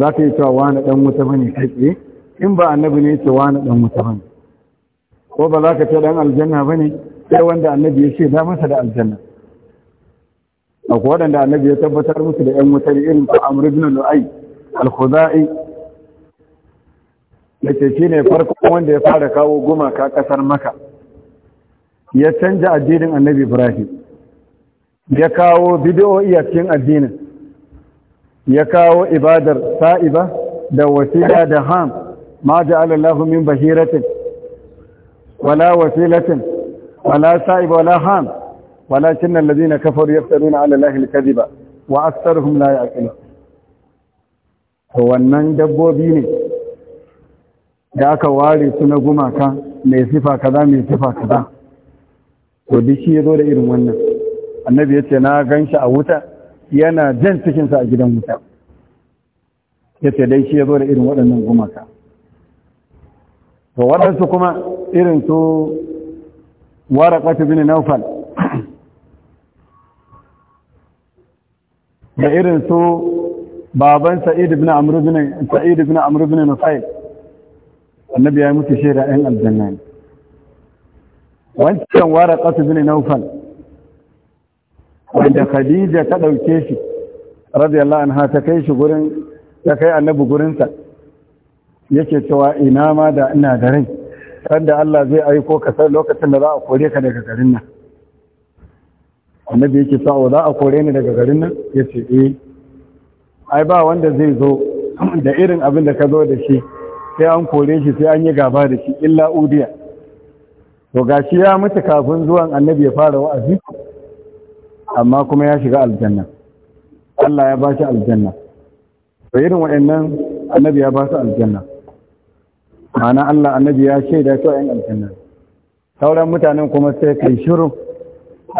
za ka yi cewa wani dan wuta bane kai tsaye in ba annabi ne ce wani dan wuta bane ko ba za ka ce dan aljanna bane sai wanda annabi ya ce da masa da aljanna akwai waɗanda annabi ya tabbatar musu da ‘yan wutar irin ta amur ibn lu'ai al-khuzai da ke shi ne farkon wanda ya fara kawo gumaka ƙasar maka ya canja addinin annabi ibrahim ya kawo bidiyo a cikin addinin ya kawo ibadar sa'iba da wasila da ham ma ja'ala min bahiratin wala wasilatin wala sa'iba wala ham walakin الذين kafaru يفترون ala الله الكذبة وأكثرهم لا يعقلون yaqilun to wannan dabbobi ne da aka ware su na gumaka mai sifa kaza mai sifa kaza to shi da irin wannan annabi yace na ganshi a wuta yana jan cikinsa a gidan wuta ce dai shi zo da irin waɗannan gumaka to waɗansu kuma irin su waraƙatu bin naufal da irin su baban sa'id ibn amr ibn sa'id ibn amr ibn nufayl annabi ya mutu shaida ɗan aljanna ne wancan waraqatu ibn nawfal wanda khadija ta dauke shi radiyallahu anha ta kai shi gurin ta kai annabi gurinsa yake cewa ina ma da ina da rai da Allah zai aiko ka lokacin da za a kore ka daga garin nan annabi yake sa'o za a kore ni daga garin nan ya ce eh ai ba wanda zai zo da irin abin da ka zo da shi sai an kore shi sai an yi gaba da shi illa udiya to gashi ya mutu kafin zuwan annabi ya fara wa'azi amma kuma ya shiga aljanna Allah ya ba shi aljanna to irin waɗannan annabi ya ba su aljanna ma'ana Allah annabi ya shaida su a yan aljanna sauran mutanen kuma sai kai shiru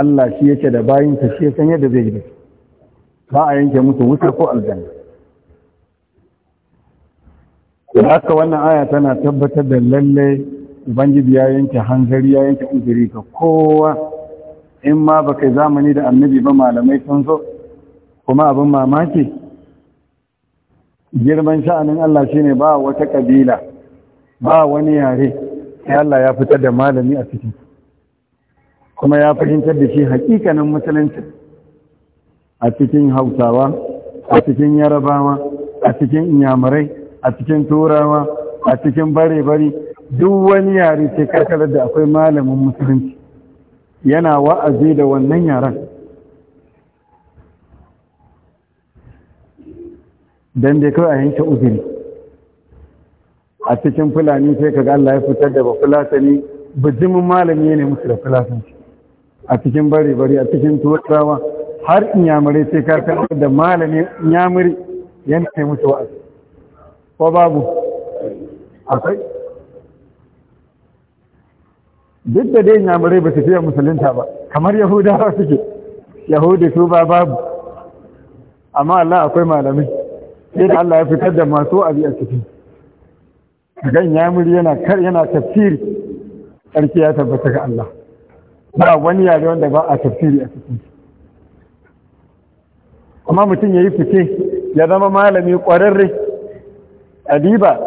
Allah shi yake da ta shi san yadda zai yi ba a yanke musu wuta ko aljanna da haka wannan aya tana tabbatar da lalle ubangiji ya yanke hanzari ya yanke injiri ga kowa in ma ba kai zamani da annabi ba malamai sun zo kuma abin mamaki girman sha'anin Allah shine ba wata kabila ba wani yare sai Allah ya fitar da malami a cikin kuma ya fahimtar da shi hakikanin musulunci a cikin hausawa a cikin yarabawa a cikin inyamurai a cikin turawa a cikin bare-bare duk wani yare ce karkarar da akwai malamin musulunci yana wa'azi da wannan yaren don da kawai a yanke uzuri a cikin fulani sai kaga Allah ya fitar da ba fulatani bujimin malami ne musu da fulatanci a cikin bare bare a cikin turawa har inyamurai sai ka karɓar da malamin inyamuri yana kai musu wa'azi ko babu akwai duk da dai inyamurai ba su fiye musulunta ba kamar yahudawa suke yahudi su ba babu amma Allah akwai malamai sai da Allah ya fitar da masu wa'azi a cikin gan yamuri yana kar yana tafsiri ƙarfi ya tabbata ga Allah ba wani yare wanda ba a tafsiri a cikin kuma mutum ya yi fice ya zama malami ƙwararre adiba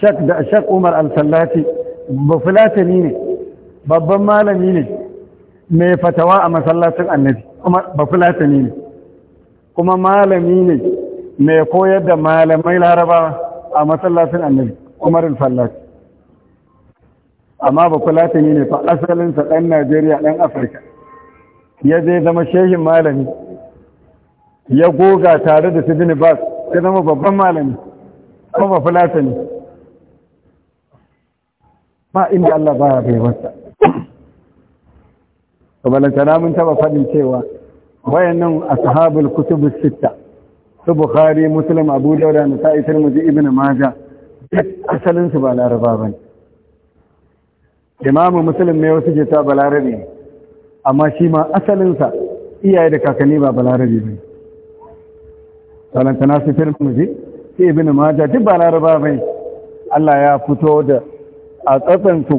shak da shak umar al-sallati bafulatani ne babban malami ne mai fatawa a masallacin annabi kuma bafulatani ne kuma malami ne mai koyar da malamai larabawa a masallacin annabi umar al-sallati amma ba kulatani ne fa asalinsa ɗan najeriya ɗan afirka ya zai zama shehin malami ya goga tare da sibini bas ya zama babban malami kuma ba fulatani ba inda allah ba ya bai wasa kabalantana mun taɓa faɗin cewa wayannan ashabul kutubu sitta su bukhari muslim abu Dawud, nasa'i tirmidhi ibnu majah asalin su ba laraba bane imamu musulun mai wasu jeta balarabe amma shi ma asalinsa iyaye da kakanni ba balarabe ba salanta su firin muji sai ibn maja duk balaraba bai Allah ya fito da a tsatsansu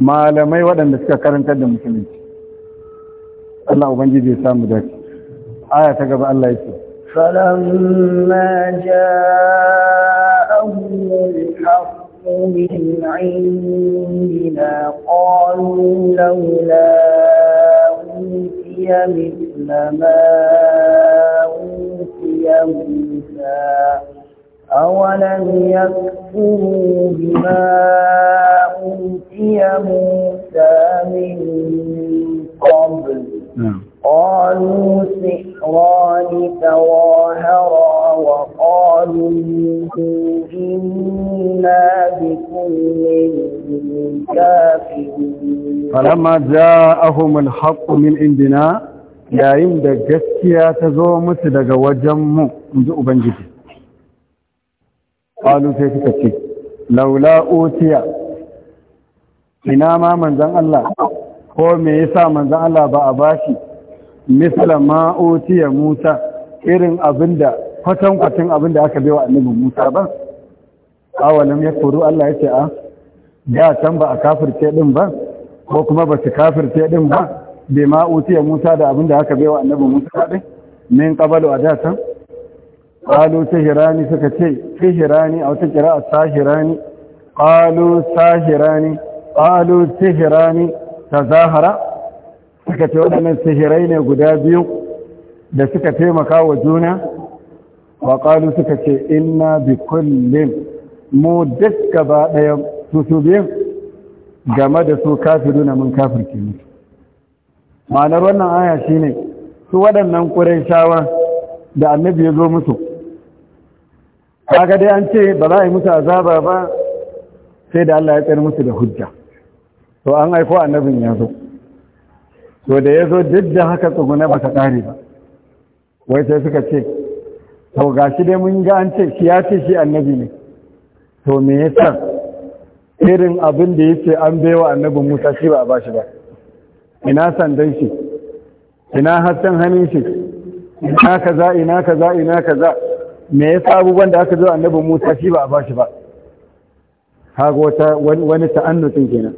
malamai waɗanda suka karantar da musulunci Allah ubangiji ya samu daji aya ta gaba Allah ya ce فلما جاءهم الحق من عندنا قالوا لولا أوتي مثل ما أوتي موسى أولم يكفروا بما أوتي موسى من قبل قالوا سئ za a haqqu min indina yayin da gaskiya ta zo musu daga wajen mu ji ubangiji qalu sai suka ce laula utiya ina ma manzan Allah ko me yasa manzan Allah ba a bashi misla ma utiya Musa irin abinda kwatan abinda aka bai wa annabi Musa ba awalam yakfuru Allah ce a da can ba a kafirce ɗin ba ko kuma ba su kafirce din ba bai ma utiya Musa da abin da aka bai wa annabi Musa din min qabalu adatan qalu sahirani suka ce sahirani a wata qira'a sahirani qalu sahirani qalu sahirani zahara. suka ce ta hirai ne guda biyu da suka taimaka wa juna wa qalu suka ce inna bi kullin mu duk ba ɗaya su su biyu game da su nuna mun ke mutu ma'anar wannan aya ne su waɗannan shawa da annabi ya zo musu ga dai an ce ba za a yi musu azaba ba sai da Allah ya tsayar musu da hujja to an aiko annabin ya zo to da ya zo duk da haka tsuguna ba ta ƙari ba wai sai suka ce to gashi dai mun ga an ce shi ya ce shi annabi ne to me yasa irin abin da yake an baiwa annabin Musa shi ba a bashi ba ina sandan shi ina hasken hannun shi ina kaza ina kaza ina kaza me yasa abubuwan da aka zo annabin Musa shi ba a bashi ba kaga wata wani ta'annutin kenan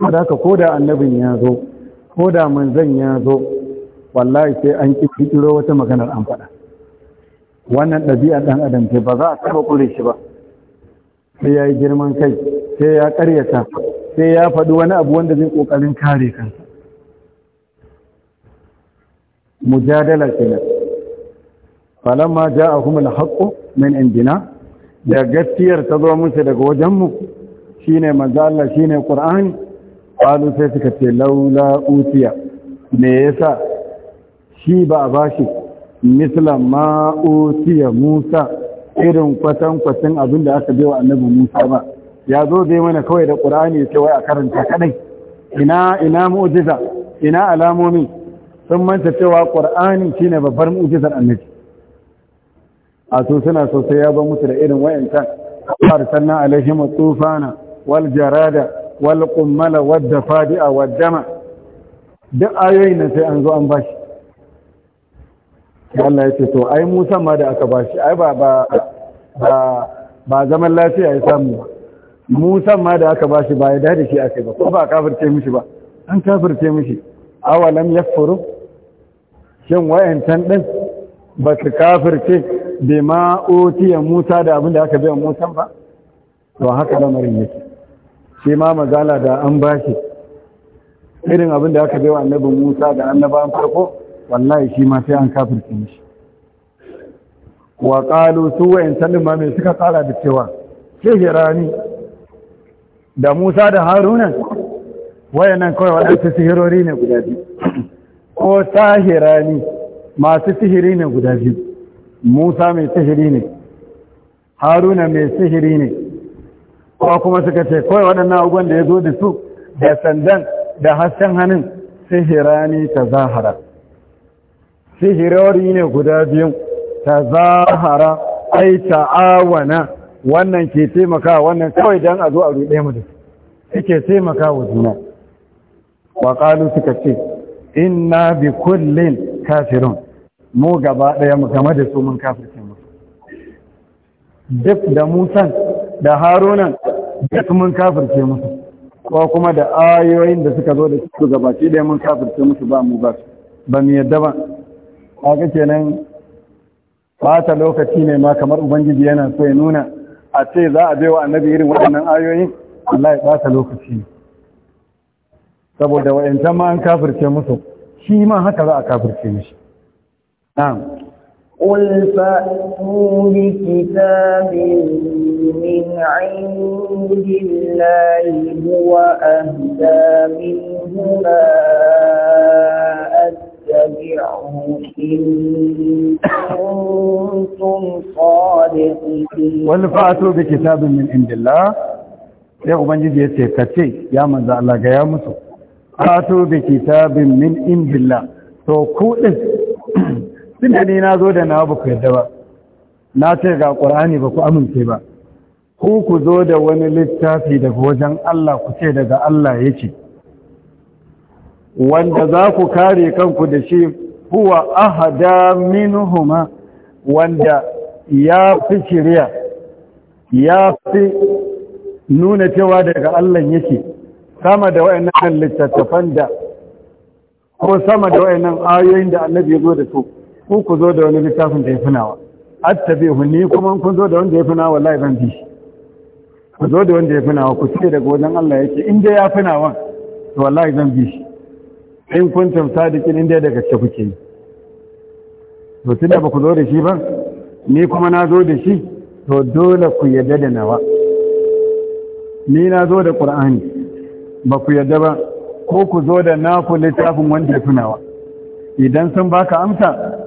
kada ka ko da annabin ya zo ko da manzon ya zo wallahi sai an kirkiro wata maganar an faɗa wannan ɗabi'ar ɗan adam ce ba za a taɓa kure shi ba sai ya yi girman kai sai ya karyata sai ya faɗi wani abu wanda zai ƙoƙarin kare kansa mujadala kenan falamma a kuma haƙƙo, min indina da gaskiyar ta zo musu daga wajenmu shine manzo Allah shine Qur'ani qalu sai suka ce laula utiya me yasa shi ba a bashi misla ma utiya Musa irin kwatankwacin abin da aka bewa annabi Musa ba ya zo zai mana kawai da Qur'ani ce wai a karanta kadai ina ina mu'jiza ina alamomi sun manta cewa Qur'ani shine babbar mu'jizar annabi a to suna so ya ba musu da irin wayancan sannan alaihim tufana wal jarada wal qummala wad dafadi'a wad dama duk ayoyin sai an zo an bashi Allah ya ce to ai Musa ma da aka bashi ai ba ba ba zaman lafiya ya samu ba Musa ma da aka bashi ba ya dade shi akai ba ko ba kafirce mishi ba an kafirce mishi awalam yafuru shin tan din ba su kafirce bai ma otiya Musa da abin da aka bayar Musa ba to haka lamarin yake shi ma mazala da an bashi irin abin da aka bayar annabi Musa da annabawan farko wallahi shi ma sai an kafirce shi wa qalu su sanin ma mai suka tsara da cewa sihirani da Musa da Haruna wayannan kawai wadansu sihirori ne guda biyu ko sahirani masu sihiri ne guda biyu Musa mai sihiri ne Haruna mai sihiri ne ko kuma suka ce kawai waɗannan abubuwan da ya zo da su da sandan da hasken hannun sihirani ta zahara sihirori ne guda biyu ta zahara ai ta'awana wannan ke taimaka wannan kawai don a zo a ruɗe mu da suke taimaka juna wa ƙalu suka ce inna bi kullin kafirun mu gaba ɗaya mu game da su mun kafirce mu duk da musan da harunan duk mun kafirce musu ko kuma da ayoyin da suka zo da su gabaci ɗaya mun kafirce musu ba mu ba su ba mu yadda ba kaga kenan bata lokaci ne ma kamar ubangiji yana so ya nuna a ce za a wa annabi irin waɗannan ayoyin Allah ya bata lokaci saboda wayancan ma an kafirce musu shi ma haka za a kafirce mishi na'am قل فأتوا بكتاب من عند الله هو أهدى منه wani fa'ato da kitabin min indillah sai ubangiji ya ce kace ya manza Allah ga ya mutu, fa'ato da kitabin min indillah to kudin suna ne na zo da na ba ku yadda ba na ce ga ƙorani ba ku amince ba ku ku zo da wani littafi daga wajen Allah ku ce daga Allah ya ce wanda za ku kare kanku da shi huwa ahada minhuma wanda ya fi shirya ya fi nuna cewa daga Allah yake sama da wayannan littattafan da ko sama da wayannan ayoyin da Allah ya zo da su ku ku zo da wani littafin da ya fi nawa attabihu ni kuma kun zo da wanda ya fi nawa wallahi ban fi shi ku zo da wanda ya fi nawa ku ce daga wajen Allah yake in dai ya fi nawa to wallahi zan bi shi in da kin inda daga ce kuke to tunda ba ku zo da shi ba ni kuma na zo da shi to dole ku yadda da nawa ni na zo da qur'ani ba ku yadda ba ko ku zo da naku littafin wanda ya fi nawa idan sun baka amsa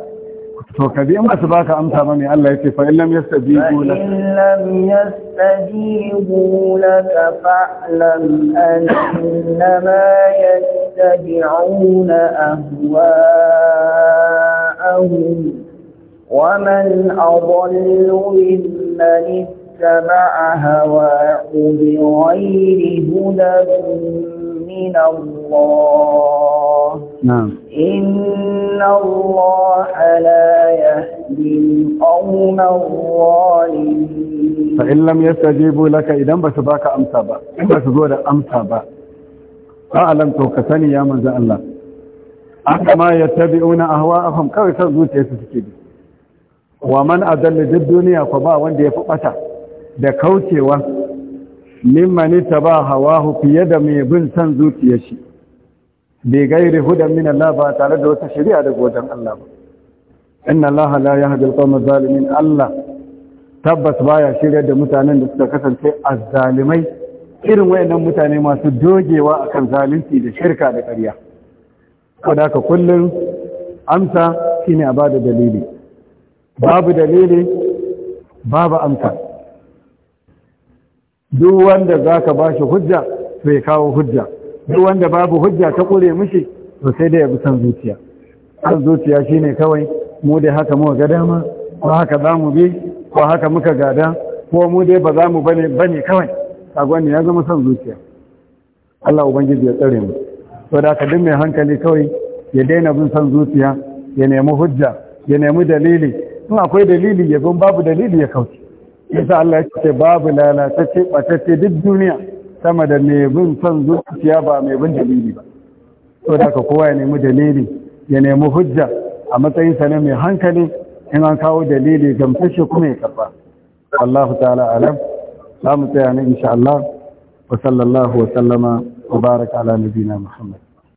to ka bi in ba su baka amsa ba mai Allah yake fa illam yastajibu lak illam yastajibu lak fa'lam annama yattabi'una ahwa'ahum ومن أضل ممن اتبع هواه بغير هدى من الله نعم إن الله لا تهدي الظالمين فإن لم يستجيبوا لك إذا بس باك أمسى با بس زور أمسى با أعلم توكسني يا من الله أما يتبعون أهواءهم كوي كذوت يسسكيبي ومن أدل دي الدنيا فبا وندي يفقتا da kaucewa mimman taba hawahu fiye da mai bin san zuciyar shi bai gairi hudan min Allah ba tare da wata shari'a daga wajen Allah ba inna Allah la yahdi al-qawma zalimin Allah tabbas baya shirya da mutanen da suka kasance azzalimai irin wayannan mutane masu dogewa akan zalunci da shirka da ƙarya saboda ka kullun amsa shine a bada dalili babu dalili babu amsa duk wanda zaka bashi hujja to ya kawo hujja duk wanda babu hujja ta kure mishi to sai da ya bi san zuciya san zuciya shine kawai mu dai haka muka ga dama ko haka za bi ko haka muka gada ko mu dai ba za mu bane bane kawai ne ya zama son zuciya Allah ubangiji ya tsare mu to da ka duk mai hankali kawai ya daina bin son zuciya ya nemi hujja ya nemi dalili in akwai dalili ya bin babu dalili ya kauce yasa Allah ya ce babu lalatacce batacce duk duniya sama da mai bin son zuciya ba mai bin dalili ba to da ka kowa ya nemi dalili ya nemi hujja a matsayinsa na mai hankali in an kawo dalili gamsashe kuma ya karba allahu ta'ala alam za mu tsaya na insha Allah wa sallallahu wa sallama wa baraka ala nabina Muhammad